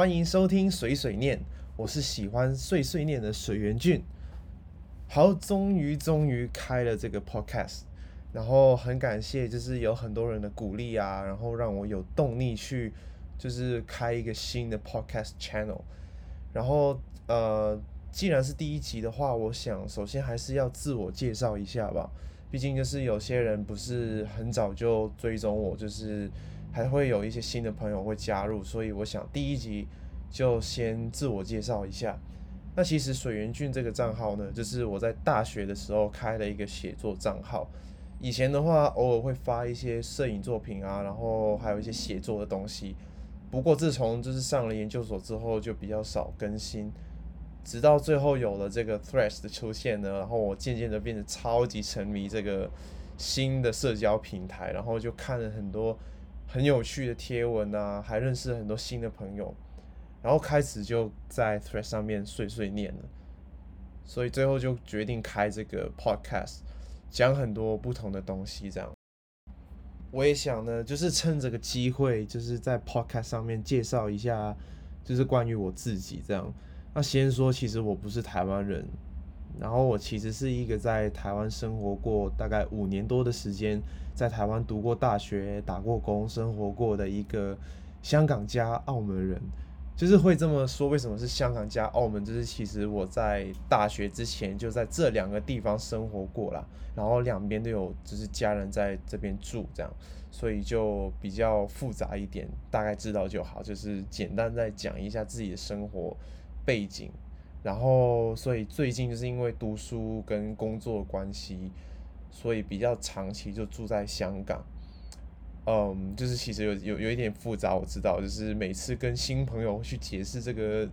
歡迎收聽《碎碎念》，我是喜歡碎碎念的水源俊。好，終於終於開了這個 podcast，然後很感謝，就是有很多人的鼓勵啊，然後讓我有動力去就是開一個新的 podcast channel。然後呃，既然是第一集的話，我想首先還是要自我介紹一下吧，畢竟就是有些人不是很早就追蹤我，就是。還會有一些新的朋友會加入，所以我想第一集就先自我介紹一下。那其實水源郡這個賬號呢，就是我在大學的時候開了一個寫作賬號，以前的話偶爾會發一些攝影作品啊，然後還有一些寫作的東西。不過自從就是上了研究所之後，就比較少更新。直到最後有了這個 Threads 的出現呢，然後我漸漸的變得超級沉迷這個新的社交平台，然後就看了很多。很有趣的貼文啊，還認識很多新的朋友，然後開始就在 Thread 上面碎碎念了，所以最後就決定開這個 Podcast，講很多不同的東西這樣。我也想呢，就是趁這個機會，就是在 Podcast 上面介紹一下，就是關於我自己這樣。那先說，其實我不是台灣人，然後我其實是一個在台灣生活過大概五年多的時間。在台灣讀過大學、打過工、生活過的一個香港加澳門人，就是會這麼說。為什麼是香港加澳門？就是其實我在大學之前就在這兩個地方生活過啦，然後兩邊都有，就是家人在這邊住，這樣，所以就比較複雜一點。大概知道就好，就是簡單再講一下自己的生活背景。然後，所以最近就是因為讀書跟工作關係，所以比較長期就住在香港，嗯，就是其實有有有一點複雜，我知道，就是每次跟新朋友去解釋這個，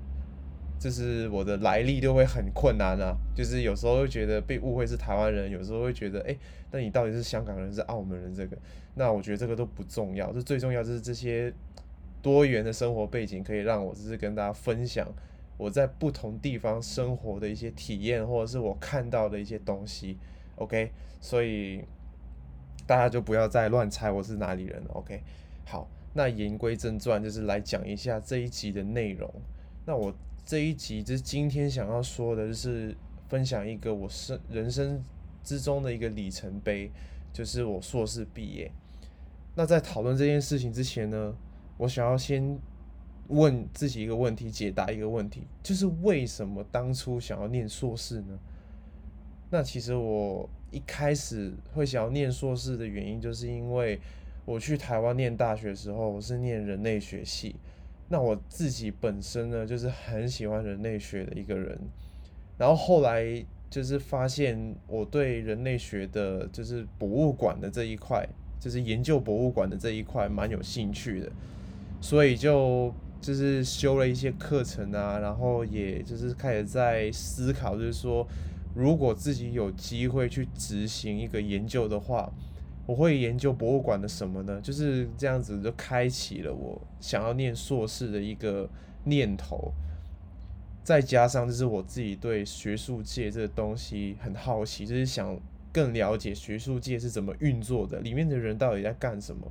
就是我的來歷都會很困難啊。就是有時候會覺得被誤會是台灣人，有時候會覺得欸，那你到底是香港人是澳門人？這個，那我覺得這個都不重要，這最重要就是這些多元的生活背景可以讓我就是跟大家分享我在不同地方生活的一些體驗，或者是我看到的一些東西。OK，所以大家就不要再亂猜我是哪裡人了。OK，好，那言歸正傳，就是來講一下這一集的內容。那我這一集就是今天想要說的，就是分享一個我是人生之中的一個里程碑，就是我碩士畢業。那在討論這件事情之前呢，我想要先問自己一個問題，解答一個問題，就是為什麼當初想要念碩士呢？那其實我一開始會想要念碩士的原因，就是因為我去台灣念大學的時候，我是念人類學系。那我自己本身呢，就是很喜歡人類學的一個人。然後後來就是發現我對人類學的，就是博物館的這一塊，就是研究博物館的這一塊，蠻有興趣的。所以就就是修了一些課程啊，然後也就是開始在思考，就是說。如果自己有機會去執行一個研究的話，我會研究博物館的什麼呢？就是這樣子就開啟了我想要念碩士的一個念頭。再加上就是我自己對學術界這個東西很好奇，就是想更了解學術界是怎麼運作的，裡面的人到底在幹什麼。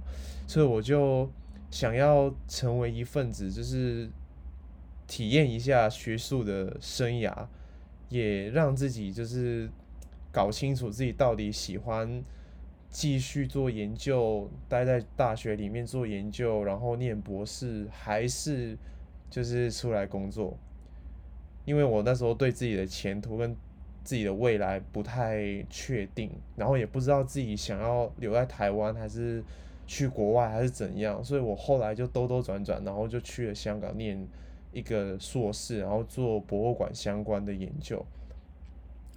所以我就想要成為一份子，就是體驗一下學術的生涯。也讓自己就是搞清楚自己到底喜歡繼續做研究，待在大學裡面做研究，然後念博士，還是就是出來工作。因為我那時候對自己的前途跟自己的未來不太確定，然後也不知道自己想要留在台灣還是去國外還是怎樣，所以我後來就兜兜轉轉，然後就去了香港念。一個碩士，然後做博物館相關的研究，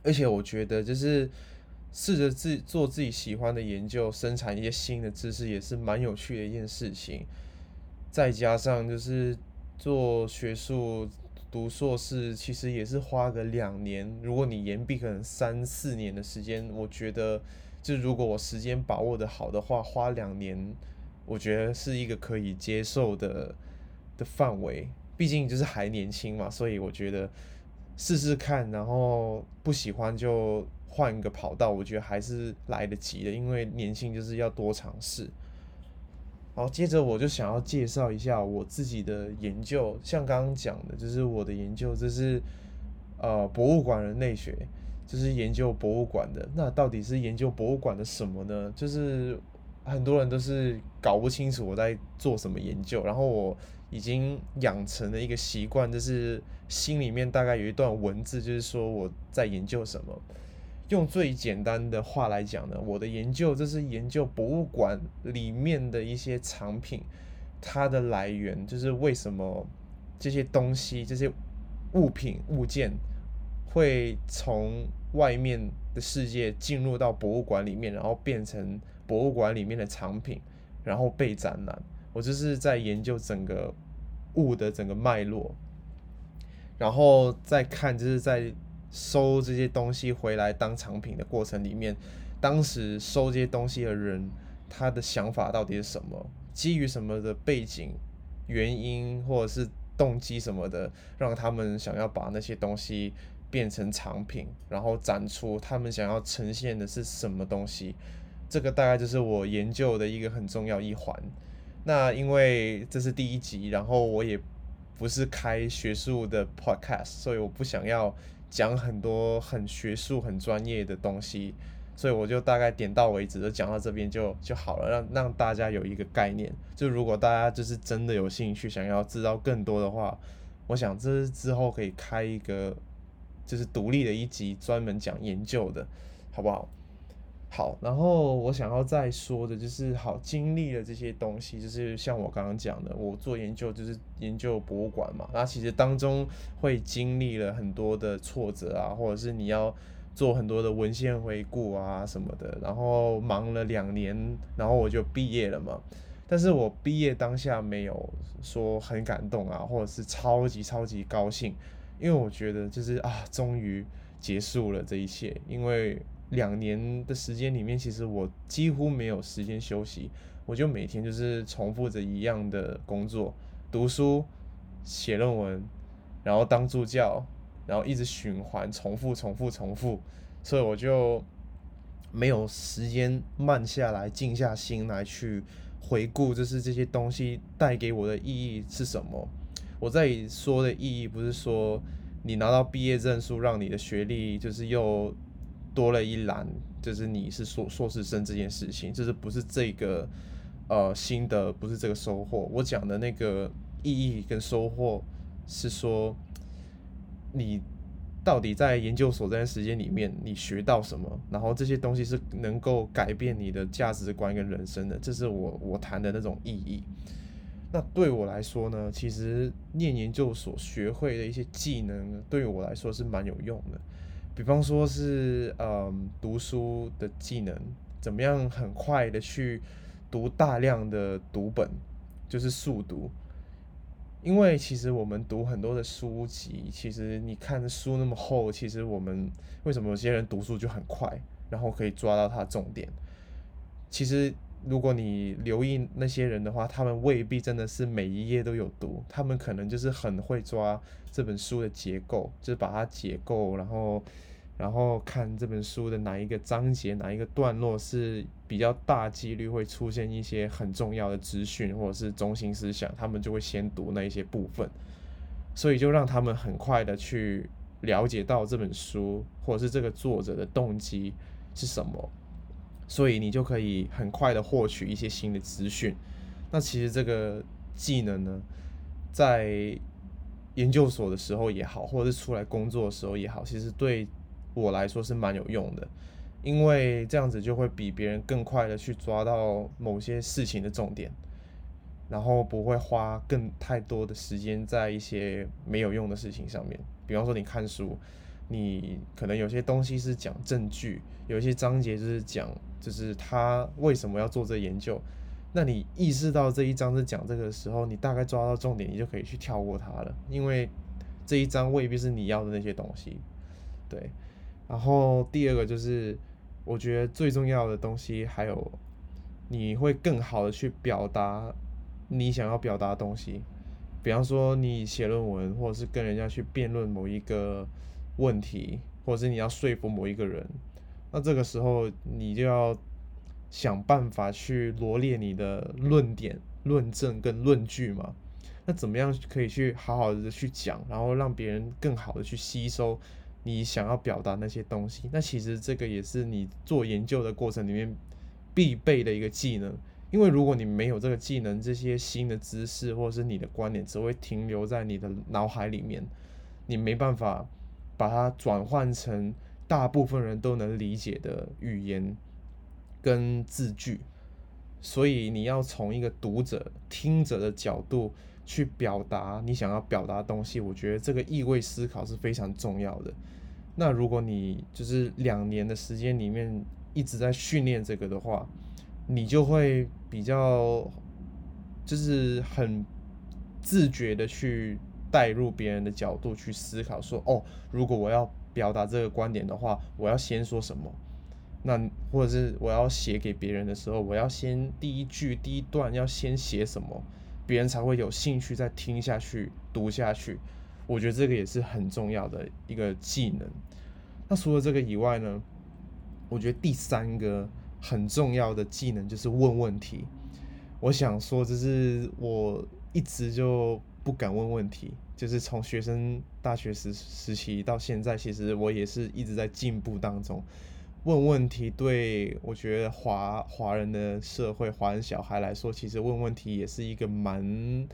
而且我覺得就是試着自做自己喜歡的研究，生產一些新的知識也是蠻有趣的一件事情。再加上就是做學術、讀碩士，其實也是花個兩年，如果你延畢可能三四年的時間，我覺得就如果我時間把握的好的話，花兩年，我覺得是一個可以接受的的範圍。畢竟就是還年輕嘛，所以我覺得試試看，然後不喜歡就換一個跑道，我覺得還是來得及的。因為年輕就是要多嘗試。好，接着我就想要介紹一下我自己的研究，像剛剛講的，就是我的研究，這是呃博物館人類學，就是研究博物館的。那到底是研究博物館的什麼呢？就是很多人都是搞不清楚我在做什麼研究，然後我。已經養成了一個習慣，就是心裡面大概有一段文字，就是說我在研究什麼。用最簡單的話來講呢，我的研究就是研究博物館裡面的一些藏品，它的來源，就是為什麼這些東西、這些物品、物件會從外面的世界進入到博物館裡面，然後變成博物館裡面的藏品，然後被展覽。我就是在研究整個物的整個脈絡，然後再看，就是在收這些東西回來當藏品的過程裡面，當時收這些東西的人他的想法到底是什麼？基於什麼的背景、原因或者是動機什麼的，讓他們想要把那些東西變成藏品，然後展出他們想要呈現的是什麼東西？這個大概就是我研究的一個很重要一環。那因為這是第一集，然後我也不是開學術的 podcast，所以我不想要講很多很學術、很專業的東西，所以我就大概點到為止，就講到這邊就就好了，讓讓大家有一個概念。就如果大家就是真的有興趣，想要知道更多的話，我想這之後可以開一個就是獨立的一集，專門講研究的，好不好？好，然後我想要再說的就是，好經歷了這些東西，就是像我剛剛講的，我做研究就是研究博物館嘛，那其實當中會經歷了很多的挫折啊，或者是你要做很多的文獻回顧啊什麼的，然後忙了兩年，然後我就畢業了嘛。但是我畢業當下沒有說很感動啊，或者是超級超級高興，因為我覺得就是啊，終於結束了這一切，因為。兩年的時間裡面，其實我幾乎沒有時間休息，我就每天就是重複着一樣的工作，讀書、寫論文，然後當助教，然後一直循環、重複、重複、重複，重複，所以我就沒有時間慢下來、靜下心來去回顧，就是這些東西帶給我的意義是什麼。我在說的意義不是說你拿到畢業證書，讓你的學歷就是又。多了一欄，就是你是碩碩士生這件事情，就是不是這個，呃，心得不是這個收穫。我講的那個意義跟收穫，是說你到底在研究所這段時間裡面，你學到什麼，然後這些東西是能夠改變你的價值觀跟人生的，這是我我談的那種意義。那對我來說呢，其實念研究所學會的一些技能，對我來說是蠻有用的。比方說是，是嗯，讀書的技能，怎麼樣很快的去讀大量的讀本，就是速讀。因為其實我們讀很多的書籍，其實你看的書那麼厚，其實我們為什麼有些人讀書就很快，然後可以抓到它重點，其實。如果你留意那些人的話，他們未必真的是每一頁都有讀，他們可能就是很會抓這本書的結構，就是把它解構，然後，然後看這本書的哪一個章節、哪一個段落是比較大幾率會出現一些很重要的資訊或者是中心思想，他們就會先讀那一些部分，所以就讓他們很快的去了解到這本書或者是這個作者的動機是什麼。所以你就可以很快的獲取一些新的資訊。那其實這個技能呢，在研究所的時候也好，或者是出來工作的時候也好，其實對我來說是蠻有用的，因為這樣子就會比別人更快的去抓到某些事情的重點，然後不會花更太多的時間在一些沒有用的事情上面。比方說你看書。你可能有些東西是講證據，有些章節就是講，就是他為什麼要做這研究。那你意識到這一章是講這個的時候，你大概抓到重點，你就可以去跳過它了，因為這一章未必是你要的那些東西。對，然後第二個就是，我覺得最重要的東西還有，你會更好的去表達你想要表達的東西。比方說，你寫論文，或者是跟人家去辯論某一個。問題，或者是你要說服某一個人，那這個時候你就要想辦法去羅列你的論點、嗯、論證跟論據嘛。那怎麼樣可以去好好的去講，然後讓別人更好的去吸收你想要表達那些東西？那其實這個也是你做研究的過程裡面必備的一個技能。因為如果你沒有這個技能，這些新的知識或者是你的觀點只會停留在你的腦海裡面，你沒辦法。把它轉換成大部分人都能理解的語言跟字句，所以你要從一個讀者、聽者的角度去表達你想要表達的東西，我覺得這個意味思考是非常重要的。那如果你就是兩年的時間裡面一直在訓練這個的話，你就會比較就是很自覺的去。帶入別人的角度去思考說哦，如果我要表達這個觀點的話，我要先說什麼？那或者是我要寫給別人的時候，我要先第一句、第一段要先寫什麼，別人才會有興趣再聽下去、讀下去。我覺得這個也是很重要的一個技能。那除了這個以外呢，我覺得第三個很重要的技能就是問問題。我想說，這是我一直就不敢問問題，就是從學生大學時時期到現在，其實我也是一直在進步當中。問問題對我覺得華華人的社會，華人小孩來說，其實問問題也是一個蠻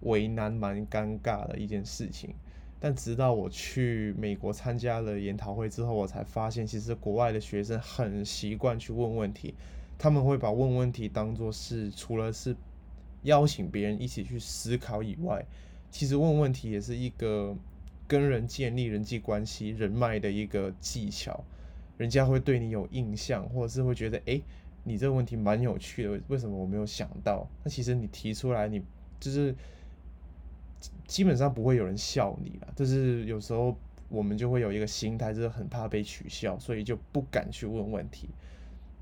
為難、蠻尷尬的一件事情。但直到我去美國參加了研討會之後，我才發現，其實國外的學生很習慣去問問題，他們會把問問題當作是除了是。邀請別人一起去思考以外，其實問問題也是一個跟人建立人際關係、人脈的一個技巧。人家會對你有印象，或者是會覺得，欸，你這個問題蠻有趣的，為什麼我沒有想到？那其實你提出來，你就是基本上不會有人笑你了。就是有時候我們就會有一個心態，就是很怕被取笑，所以就不敢去問問題。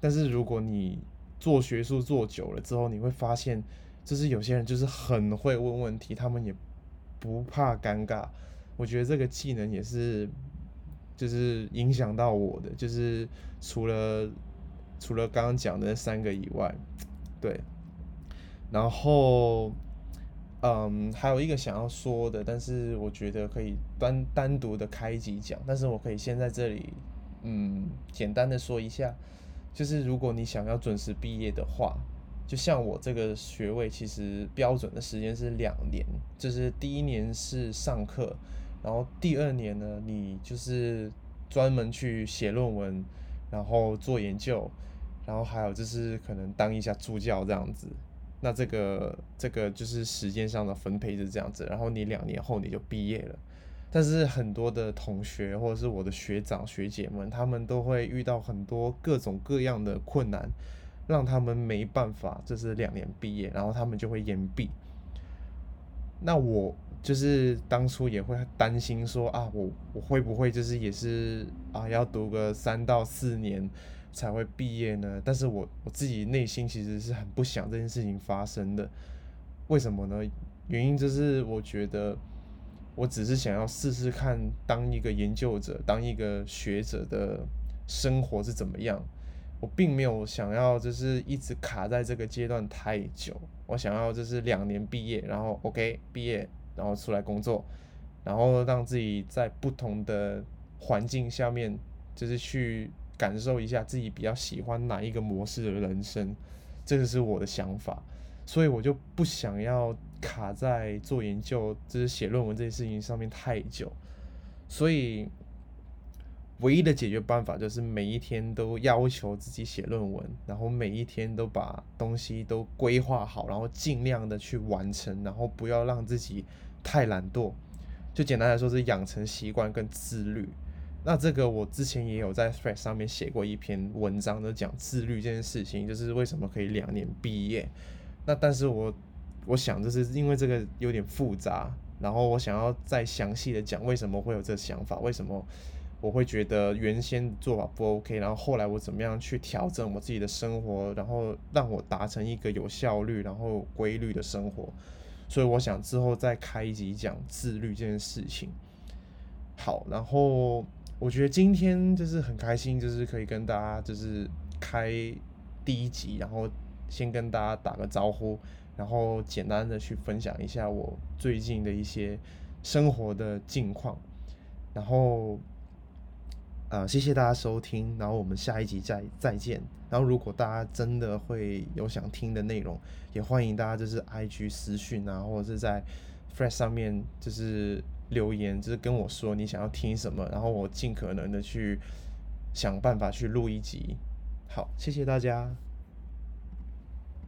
但是如果你做學術做久了之後，你會發現。就是有些人就是很會問問題，他們也不怕尷尬。我覺得這個技能也是，就是影響到我的。就是除了除了剛剛講的那三個以外，對。然後，嗯，還有一個想要說的，但是我覺得可以單單獨的開一集講。但是我可以先在這裡，嗯，簡單的說一下，就是如果你想要準時畢業的話。就像我這個學位，其實標準的時間是兩年，就是第一年是上課，然後第二年呢，你就是專門去寫論文，然後做研究，然後還有就是可能當一下助教這樣子。那這個這個就是時間上的分配就是這樣子，然後你兩年後你就畢業了。但是很多的同學或者是我的學長學姐們，他們都會遇到很多各種各樣的困難。讓他們沒辦法，就是兩年畢業，然後他們就會延畢。那我就是當初也會擔心說啊，我我會不會就是也是啊，要讀個三到四年才會畢業呢？但是我我自己內心其實是很不想這件事情發生的。為什麼呢？原因就是我覺得我只是想要試試看，當一個研究者、當一個學者的生活是怎麼樣。我並沒有想要，就是一直卡在這個階段太久。我想要就是兩年畢業，然後 OK 畢業，然後出來工作，然後讓自己在不同的環境下面，就是去感受一下自己比較喜歡哪一個模式的人生，這個是我的想法。所以我就不想要卡在做研究、就是寫論文這些事情上面太久，所以。唯一的解決辦法就是每一天都要求自己寫論文，然後每一天都把東西都規劃好，然後儘量的去完成，然後不要讓自己太懶惰。就簡單來說，是養成習慣跟自律。那這個我之前也有在 Thread 上面寫過一篇文章，的講自律這件事情，就是為什麼可以兩年畢業。那但是我我想，就是因為這個有點複雜，然後我想要再詳細的講為什麼會有這想法，為什麼。我會覺得原先做法不 OK，然後後來我怎麼樣去調整我自己的生活，然後讓我達成一個有效率、然後規律的生活。所以我想之後再開一集講自律這件事情。好，然後我覺得今天就是很開心，就是可以跟大家就是開第一集，然後先跟大家打個招呼，然後簡單的去分享一下我最近的一些生活的近況，然後。啊、呃，謝謝大家收聽，然後我們下一集再再見。然後如果大家真的會有想聽的內容，也歡迎大家就是 IG 私訊啊，或者是在 Fresh 上面就是留言，就是跟我說你想要聽什麼，然後我盡可能的去想辦法去錄一集。好，謝謝大家。